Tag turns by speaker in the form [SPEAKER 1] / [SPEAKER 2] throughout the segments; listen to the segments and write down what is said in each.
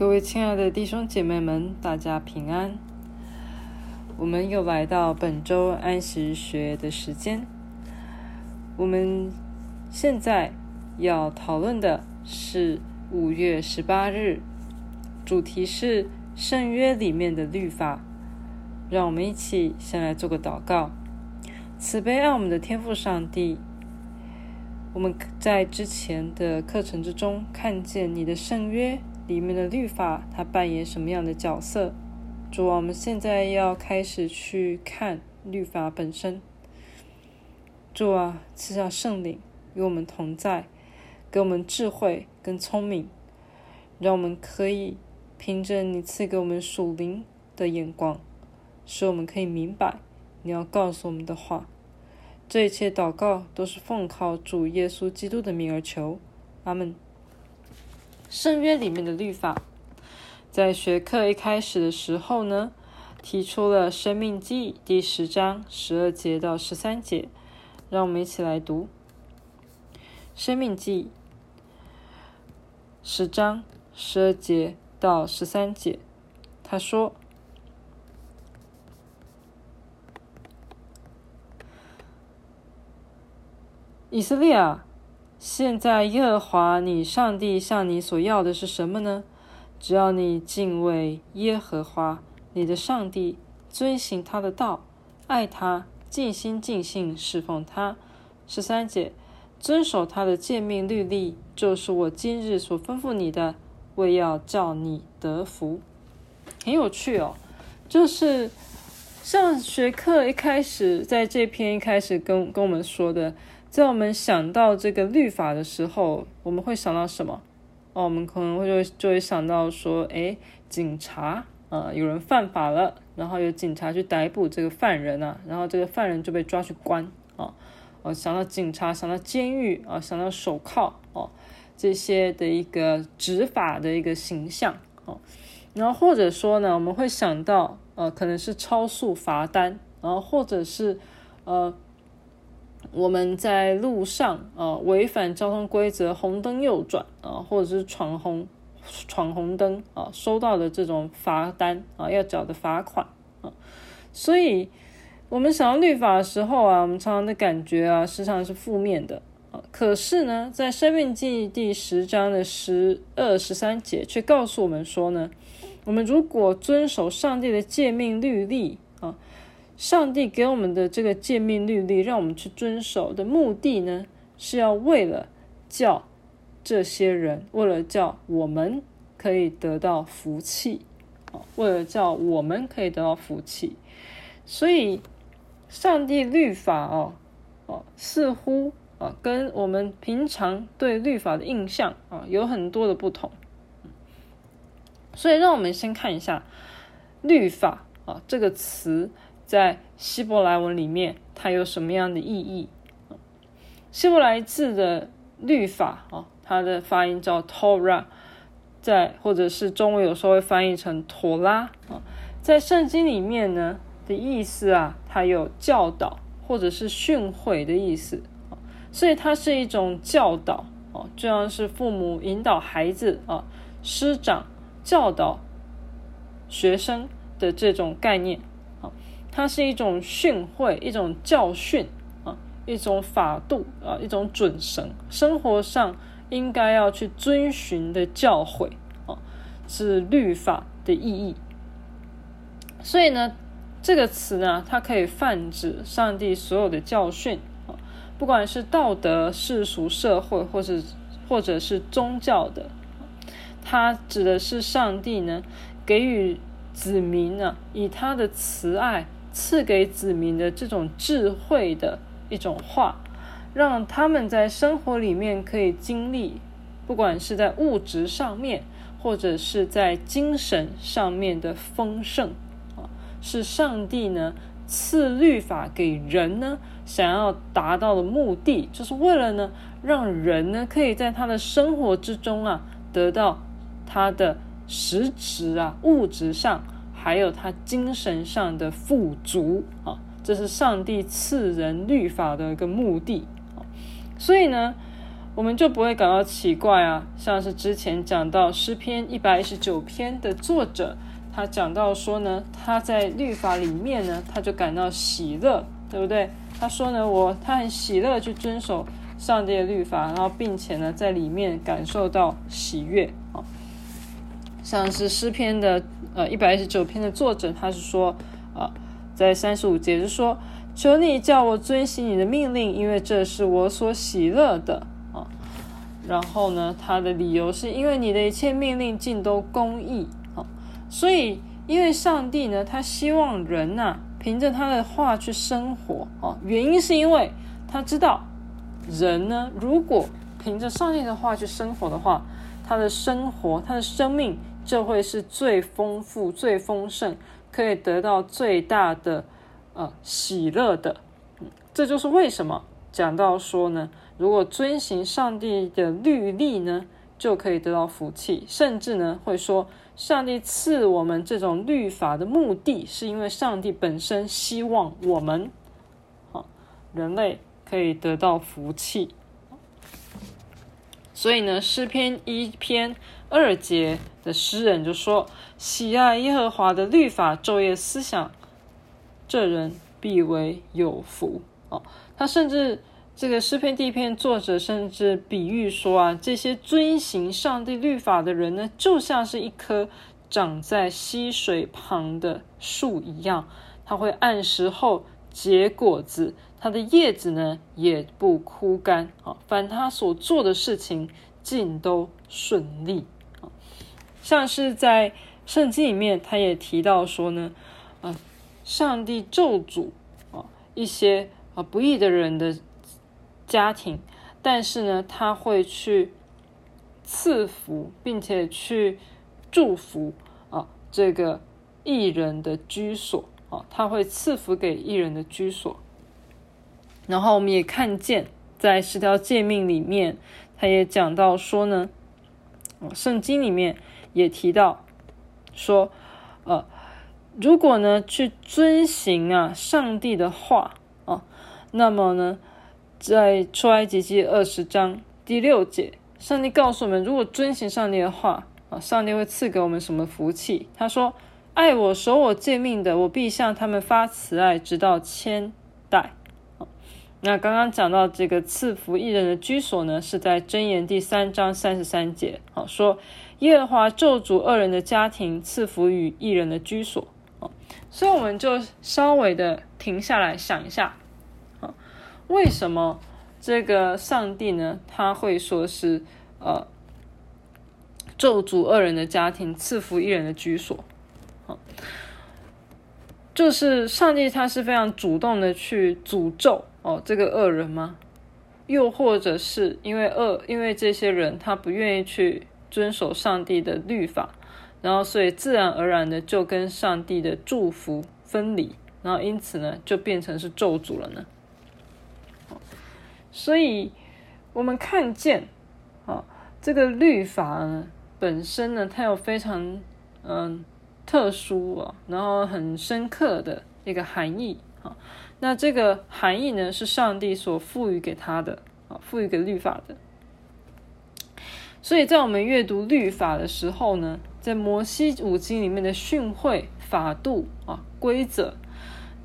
[SPEAKER 1] 各位親愛的弟兄姐妹們，大家平安。我們又來到本周安息日學的時間。我們現在要討論的是五月十八日，主題是聖約裡面的律法。讓我們一起先來做個禱告：慈悲愛我們的天父上帝，我們在之前的課程之中看見你的聖約。裡面的律法，它扮演什麼樣的角色？主啊，我們現在要開始去看律法本身。主啊，賜下聖靈，與我們同在，給我們智慧跟聰明，讓我們可以憑着你賜給我們屬靈的眼光，使我們可以明白你要告訴我們的話。這一切禱告都是奉靠主耶穌基督的名而求，阿門。聖約裡面的律法，在學課一開始的時候呢，提出了《申命記》第十章十二節到十三節，讓我們一起來讀《申命記》十章十二節到十三節。他說：“以色列啊。”現在耶和華你上帝向你所要的是什麼呢？只要你敬畏耶和華你的上帝，遵行他的道，愛他，盡心盡性侍奉他。十三節，遵守他的誡命律例，就是我今日所吩咐你的，為要叫你得福。很有趣哦，就是上學課一開始，在這篇一開始跟跟我們說的。在我們想到這個律法的時候，我們會想到什麼？哦，我們可能會就會就會想到說，誒，警察，啊、呃，有人犯法了，然後有警察去逮捕這個犯人啊，然後這個犯人就被抓去關啊、哦，哦，想到警察，想到監獄啊、哦，想到手銬哦，這些的一個執法的一個形象哦，然後或者說呢，我們會想到呃，可能是超速罰單，然後或者是呃。我們在路上，啊，違反交通規則，紅燈右轉啊，或者是闖紅闖紅燈啊，收到的這種罰單啊，要繳的罰款啊，所以，我們想要律法的時候啊，我們常常的感覺啊，時常是負面的啊。可是呢，在申命記第十章的十二十三節，卻告訴我們說呢，我們如果遵守上帝的誡命律例啊。上帝給我們的這個誡命律例，讓我們去遵守的目的呢，是要為了叫這些人，為了叫我們可以得到福氣啊，為了叫我們可以得到福氣。所以，上帝律法哦，哦，似乎啊，跟我們平常對律法的印象啊，有很多的不同。所以，讓我們先看一下“律法”啊這個詞。在希伯來文裡面，它有什麼樣的意義？希伯來字的律法啊，它的發音叫 Torah，在或者是中文有時候會翻譯成妥拉啊。在聖經裡面呢的意思啊，它有教導或者是訓誨的意思，所以它是一種教導啊，就像是父母引導孩子啊，師長教導學生的這種概念。它是一種訓誨，一種教訓啊，一種法度啊，一種準繩，生活上應該要去遵循的教誨啊，是律法的意義。所以呢，這個詞呢，它可以泛指上帝所有的教訓啊，不管是道德、世俗社會，或是或者是宗教的，它指的是上帝呢給予子民呢，啊，以他的慈愛。賜給子民的這種智慧的一種話，讓他們在生活裡面可以經歷，不管是在物質上面，或者是在精神上面的豐盛，啊，是上帝呢，賜律法給人呢，想要達到的目的，就是為了呢，讓人呢可以在他的生活之中啊，得到他的實質啊，物質上。還有他精神上的富足啊，這是上帝賜人律法的一個目的啊，所以呢，我們就不會感到奇怪啊。像是之前講到詩篇一百一十九篇的作者，他講到說呢，他在律法裡面呢，他就感到喜樂，對不對？他說呢，我他很喜樂去遵守上帝的律法，然後並且呢，在裡面感受到喜悅。像是詩篇的呃一百一十九篇的作者，他是說，啊，在三十五節是說，求你叫我遵行你的命令，因為這是我所喜樂的啊。然後呢，他的理由是因為你的一切命令盡都公義啊，所以因為上帝呢，他希望人吶、啊，憑着他的話去生活啊，原因是因為他知道人呢，如果憑着上帝的話去生活的話，他的生活，他的生命。就會是最豐富、最豐盛，可以得到最大的呃喜樂的。嗯，這就是為什麼講到說呢，如果遵循上帝的律例呢，就可以得到福氣，甚至呢會說，上帝賜我們這種律法的目的，是因為上帝本身希望我們，好人類可以得到福氣。所以呢，詩篇一篇二節的詩人就說：“喜愛耶和華的律法，晝夜思想，這人必為有福。”哦，他甚至這個詩篇第一篇作者甚至比喻說啊，這些遵行上帝律法的人呢，就像是一棵長在溪水旁的樹一樣，他會按時候。結果子，它的葉子呢也不枯乾啊，凡他所做的事情盡都順利啊。像是在聖經裡面，他也提到說呢，啊，上帝咒詛啊一些啊不義的人的家庭，但是呢，他會去賜福，並且去祝福啊這個義人的居所。哦，他會賜福給義人的居所。然後我們也看見在，在十條誡命裡面，他也講到說呢、哦，聖經裡面也提到說，呃，如果呢去遵循啊上帝的話啊，那麼呢，在出埃及記二十章第六節，上帝告訴我們，如果遵循上帝的話啊，上帝會賜給我們什麼福氣？他說。愛我、守我誡命的，我必向他們發慈愛，直到千代。那剛剛講到這個賜福義人的居所呢，是在箴言第三章三十三節。好，說耶和華咒詛惡人的家庭，賜福於義人的居所。所以我們就稍微的停下來想一下，為什麼這個上帝呢，他會說是呃，咒詛惡人的家庭，賜福義人的居所。就是上帝，他是非常主動的去詛咒哦這個惡人嗎？又或者是因為惡，因為這些人他不願意去遵守上帝的律法，然後所以自然而然的就跟上帝的祝福分離，然後因此呢就變成是咒詛了呢？好，所以我們看見，好，這個律法呢本身呢，它有非常嗯。特殊啊，然後很深刻的一個含義啊。那這個含義呢，是上帝所賦予給他的啊，賦予給律法的。所以在我們閱讀律法的時候呢，在摩西五經裡面的訓誨法度啊、規則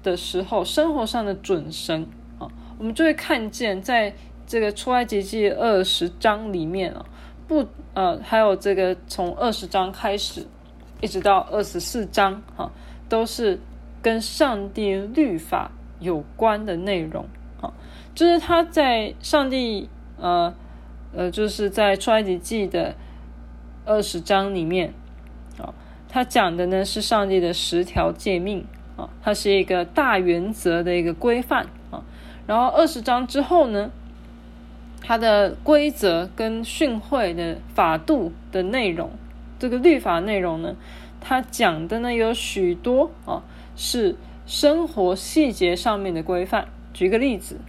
[SPEAKER 1] 的時候，生活上的準繩啊，我們就會看見，在這個出埃及記二十章裡面啊，不，呃，還有這個從二十章開始。一直到二十四章哈、啊，都是跟上帝律法有關的內容。好、啊，就是他在上帝呃呃，就是在出埃及記的二十章裡面，啊，他講的呢是上帝的十條誡命啊，它是一個大原則的一個規範啊。然後二十章之後呢，它的規則跟訓會的法度的內容。這個律法內容呢，它講的呢有許多啊、哦，是生活細節上面的規範。舉個例子、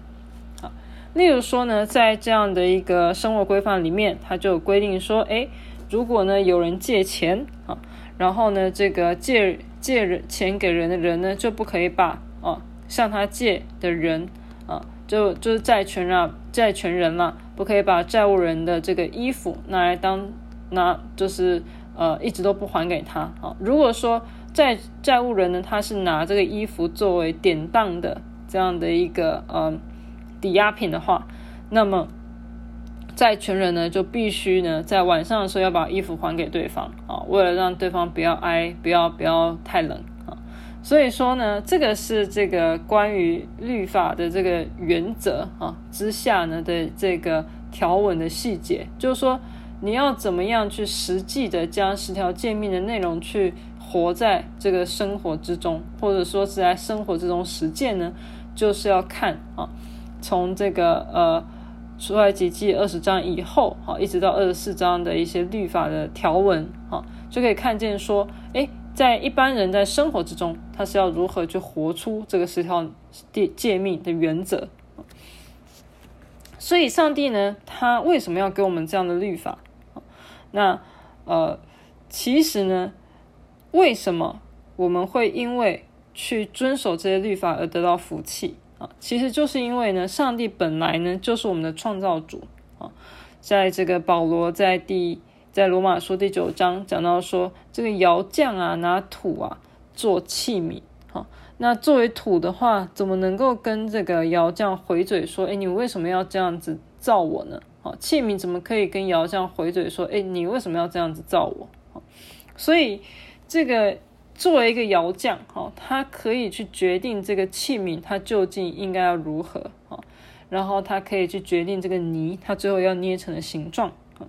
[SPEAKER 1] 哦，例如說呢，在這樣的一個生活規範裡面，它就規定說，誒如果呢有人借錢，哦、然後呢這個借借人錢給人的人呢，就不可以把啊、哦、向他借的人啊、哦，就就是債權人、啊、了，債權人啦、啊，不可以把債務人的這個衣服拿來當。那就是呃，一直都不還給他啊、哦。如果說債債務人呢，他是拿這個衣服作為典當的這樣的一個呃、嗯、抵押品的話，那麼債權人呢就必須呢在晚上的時候要把衣服還給對方啊、哦，為了讓對方不要挨不要不要太冷啊、哦。所以說呢，這個是這個關於律法的這個原則啊、哦、之下呢的這個條文的細節，就是說。你要怎麼樣去實際的將十條誡命的內容去活在這個生活之中，或者說是在生活之中實踐呢？就是要看啊，從這個呃出埃及記二十章以後，好，啊，一直到二十四章的一些律法的條文啊，就可以看見說，哎，在一般人在生活之中，他是要如何去活出這個十條誡誡命的原則。所以，上帝呢，他為什麼要給我們這樣的律法？那呃，其實呢，為什麼我們會因為去遵守這些律法而得到福氣啊？其實就是因為呢，上帝本來呢就是我們的創造主啊。在這個保羅在第在羅馬書第九章講到說，這個窯匠啊拿土啊做器皿，啊，那作為土的話，怎麼能夠跟這個窯匠回嘴說，哎，你為什麼要這樣子造我呢？器皿怎麼可以跟窯匠回嘴說，哎，你為什麼要這樣子造我？所以，這個作為一個窯匠，哈、哦，他可以去決定這個器皿它究竟應該要如何啊、哦，然後他可以去決定這個泥它最後要捏成的形狀、哦、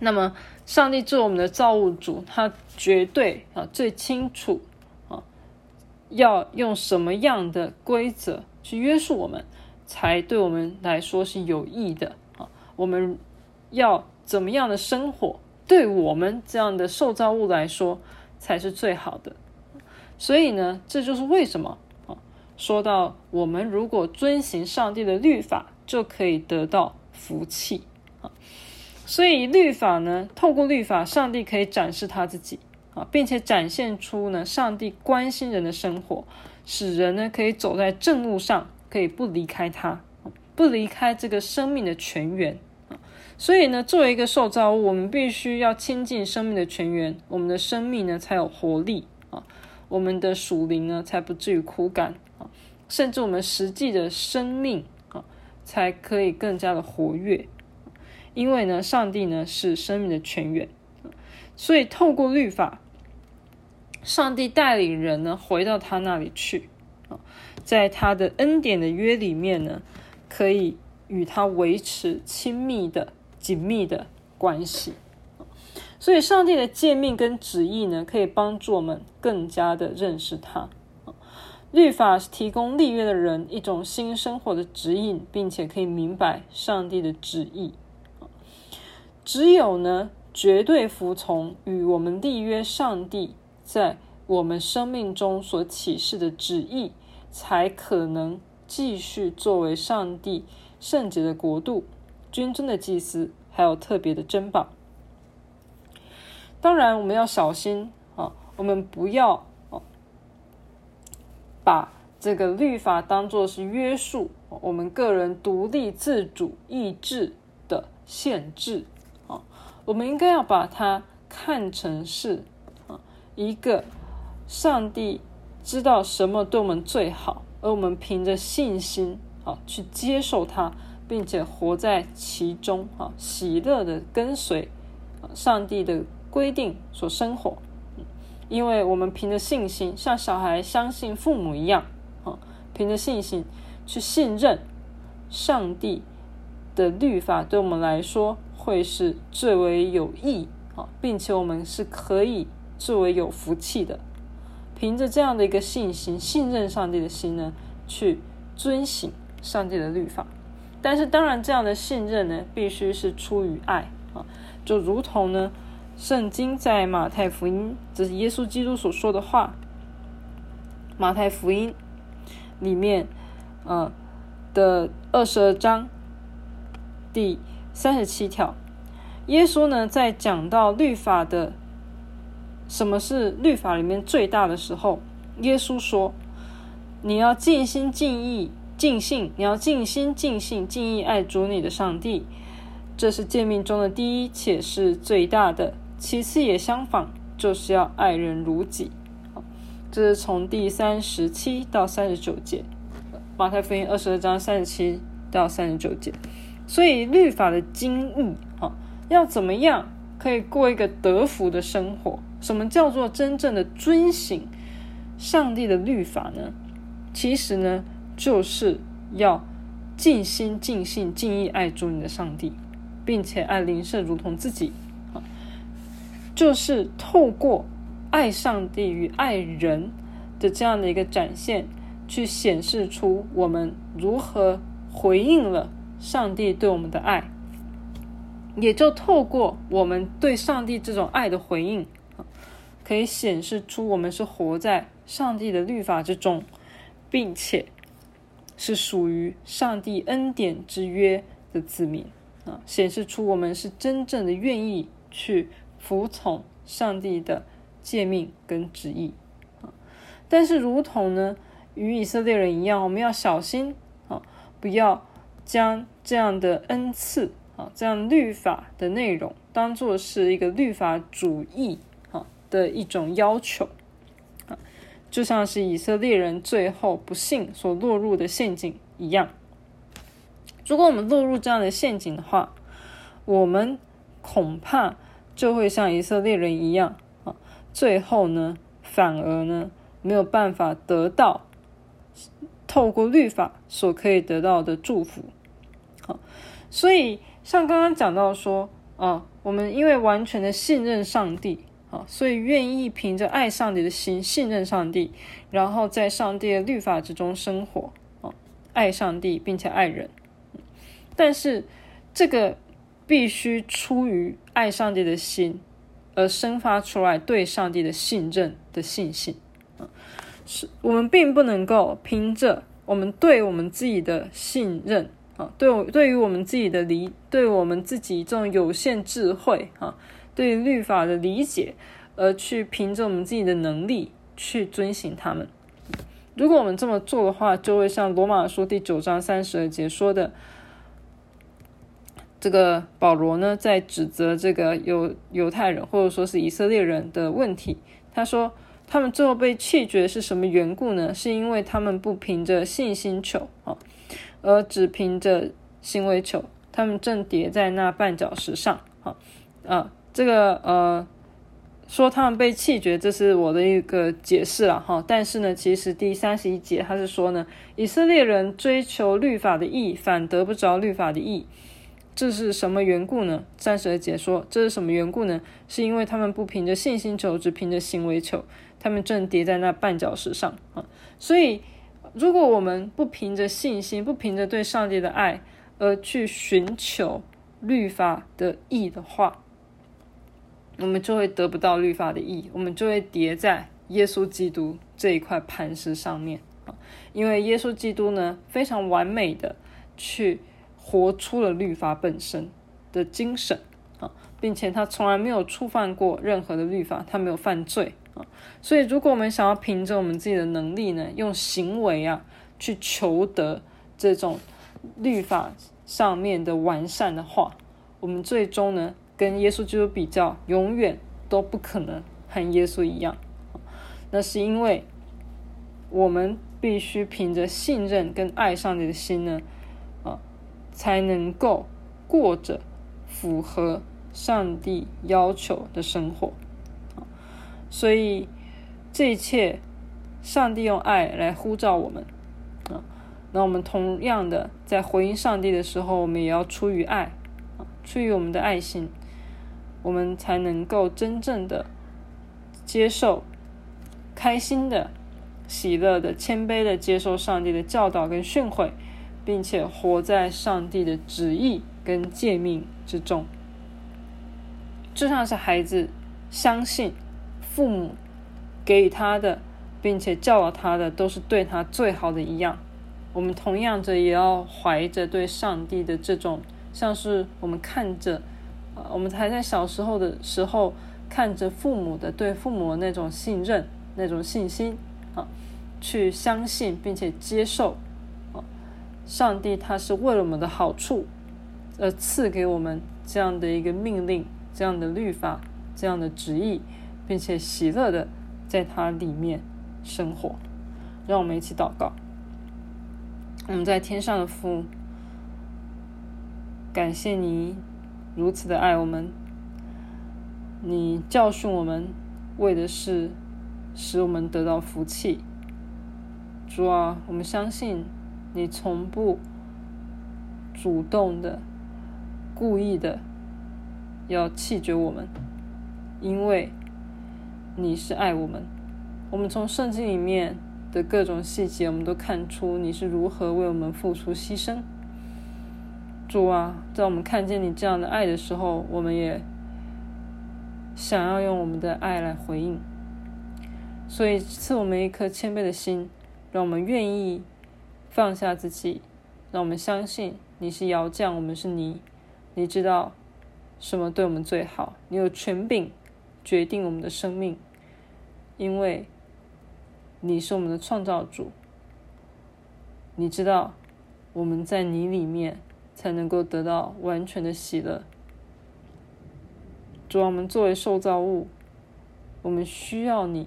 [SPEAKER 1] 那麼，上帝做我們的造物主，他絕對啊、哦、最清楚啊、哦，要用什麼樣的規則去約束我們，才對我們來說是有益的。我們要怎麼樣的生活，對我們這樣的受造物來說才是最好的。所以呢，這就是為什麼啊，說到我們如果遵行上帝的律法，就可以得到福氣啊。所以律法呢，透過律法，上帝可以展示他自己啊，並且展現出呢，上帝關心人的生活，使人呢可以走在正路上，可以不離開他，不離開這個生命的泉源。所以呢，作為一個受造物，我們必須要親近生命的泉源，我們的生命呢才有活力啊，我們的屬靈呢才不至於枯乾啊，甚至我們實際的生命啊才可以更加的活躍。啊，因為呢，上帝呢是生命的泉源，啊，所以透過律法，上帝帶領人呢回到他那裡去啊，在他的恩典的約裡面呢，可以與他維持親密的。緊密的關係，所以上帝的誡命跟旨意呢，可以幫助我們更加的認識他。律法是提供立約的人一種新生活的指引，並且可以明白上帝的旨意。只有呢，絕對服從與我們立約上帝在我們生命中所啟示的旨意，才可能繼續作為上帝聖潔的國度。君尊的祭司，還有特別的珍寶。當然，我們要小心啊，我們不要把這個律法當做是約束我們個人獨立自主意志的限制啊。我們應該要把它看成是一個上帝知道什麼對我們最好，而我們憑着信心啊去接受它。並且活在其中啊，喜樂的跟隨上帝的規定所生活，因為我們憑着信心，像小孩相信父母一樣啊，憑着信心去信任上帝的律法，對我們來說會是最為有益啊，並且我們是可以最為有福氣的。憑着這樣的一個信心，信任上帝的心呢，去遵行上帝的律法。但是，當然，這樣的信任呢，必須是出於愛啊，就如同呢，聖經在馬太福音，這是耶穌基督所說的話，馬太福音裡面，嗯的二十二章第三十七條，耶穌呢在講到律法的什麼是律法裡面最大的時候，耶穌說，你要盡心盡意。盡性，你要盡心、盡性、盡意愛主你的上帝，這是誡命中的第一，且是最大的。其次也相仿，就是要愛人如己。這是從第三十七到三十九節，《馬太福音》二十二章三十七到三十九節。所以律法的精意，啊，要怎麼樣可以過一個得福的生活？什麼叫做真正的遵行上帝的律法呢？其實呢？就是要盡心、盡性、盡意愛主你的上帝，並且愛鄰舍如同自己。就是透過愛上帝與愛人，的這樣的一個展現，去顯示出我們如何回應了上帝對我們的愛，也就透過我們對上帝這種愛的回應，可以顯示出我們是活在上帝的律法之中，並且是屬於上帝恩典之約的子民啊，顯示出我們是真正的願意去服從上帝的誡命跟旨意啊。但是，如同呢，與以色列人一樣，我們要小心啊，不要將這樣的恩賜啊，這樣律法的內容當作是一個律法主義啊的一種要求。就像是以色列人最後不幸所落入的陷阱一樣。如果我們落入這樣的陷阱的話，我們恐怕就會像以色列人一樣啊，最後呢，反而呢沒有辦法得到透過律法所可以得到的祝福。好，所以像剛剛講到說啊，我們因為完全的信任上帝。啊，所以願意憑着愛上帝的心信任上帝，然後在上帝的律法之中生活啊，愛上帝並且愛人，但是這個必須出於愛上帝的心而生發出來對上帝的信任的信心啊，是我們並不能夠憑着我們對我們自己的信任啊，對我對於我們自己的理，對我們自己這種有限智慧啊。對於律法的理解，而去憑着我們自己的能力去遵循他們。如果我們這麼做的話，就會像羅馬書第九章三十二節說的，這個保羅呢，在指責這個猶猶太人或者說是以色列人的問題。他說他們最後被棄絕是什麼緣故呢？是因為他們不憑着信心求啊，而只憑着行為求，他們正跌在那絆腳石上。啊，啊。這個呃，說他們被棄絕，這是我的一個解釋了哈。但是呢，其實第三十一節他是說呢，以色列人追求律法的義，反得不着律法的義。這是什麼緣故呢？三十二節說，這是什麼緣故呢？是因為他們不憑着信心求，只憑着行為求，他們正跌在那絆腳石上啊。所以，如果我們不憑着信心，不憑着對上帝的愛而去尋求律法的義的話，我們就會得不到律法的意義，我們就會跌在耶穌基督這一塊磐石上面啊！因為耶穌基督呢，非常完美的去活出了律法本身的精神啊，並且他從來沒有觸犯過任何的律法，他沒有犯罪啊！所以，如果我們想要憑着我們自己的能力呢，用行為啊去求得這種律法上面的完善的話，我們最終呢，跟耶穌基督比較，永遠都不可能和耶穌一樣。那是因為我們必須憑着信任跟愛上帝的心呢，啊，才能夠過着符合上帝要求的生活啊。所以這一切，上帝用愛來呼召我們啊。那我們同樣的在回應上帝的時候，我們也要出於愛啊，出於我們的愛心。我們才能夠真正的接受、開心的、喜樂的、謙卑的接受上帝的教導跟訓誨，並且活在上帝的旨意跟誡命之中。就像是孩子相信父母給予他的，並且教導他的都是對他最好的一樣，我們同樣着也要懷着對上帝的這種，像是我們看着。我們才在小時候的時候，看着父母的對父母的那種信任、那種信心啊，去相信並且接受啊，上帝他是為了我們的好處，而，賜給我們這樣的一個命令、這樣的律法、這樣的旨意，並且喜樂的在他裡面生活。讓我們一起禱告，我們在天上的父，感謝你。如此的愛我們，你教訓我們，為的是使我們得到福氣。主啊，我們相信你從不主動的、故意的要棄絕我們，因為你是愛我們。我們從聖經裡面的各種細節，我們都看出你是如何為我們付出犧牲。主啊，在我們看見你這樣的愛的時候，我們也想要用我們的愛來回應。所以賜我們一顆謙卑的心，讓我們願意放下自己，讓我們相信你是窯匠，我們是泥，你知道什麼對我們最好，你有權柄決定我們的生命，因為你是我們的創造主。你知道我們在你裡面才能夠得到完全的喜樂。主啊，我們作為受造物，我們需要你，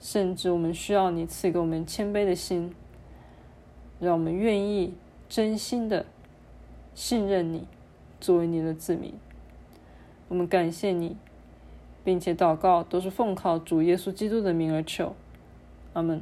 [SPEAKER 1] 甚至我們需要你賜給我們謙卑的心，讓我們願意真心的信任你，作為你的子民。我們感謝你，並且禱告都是奉靠主耶穌基督的名而求，阿門。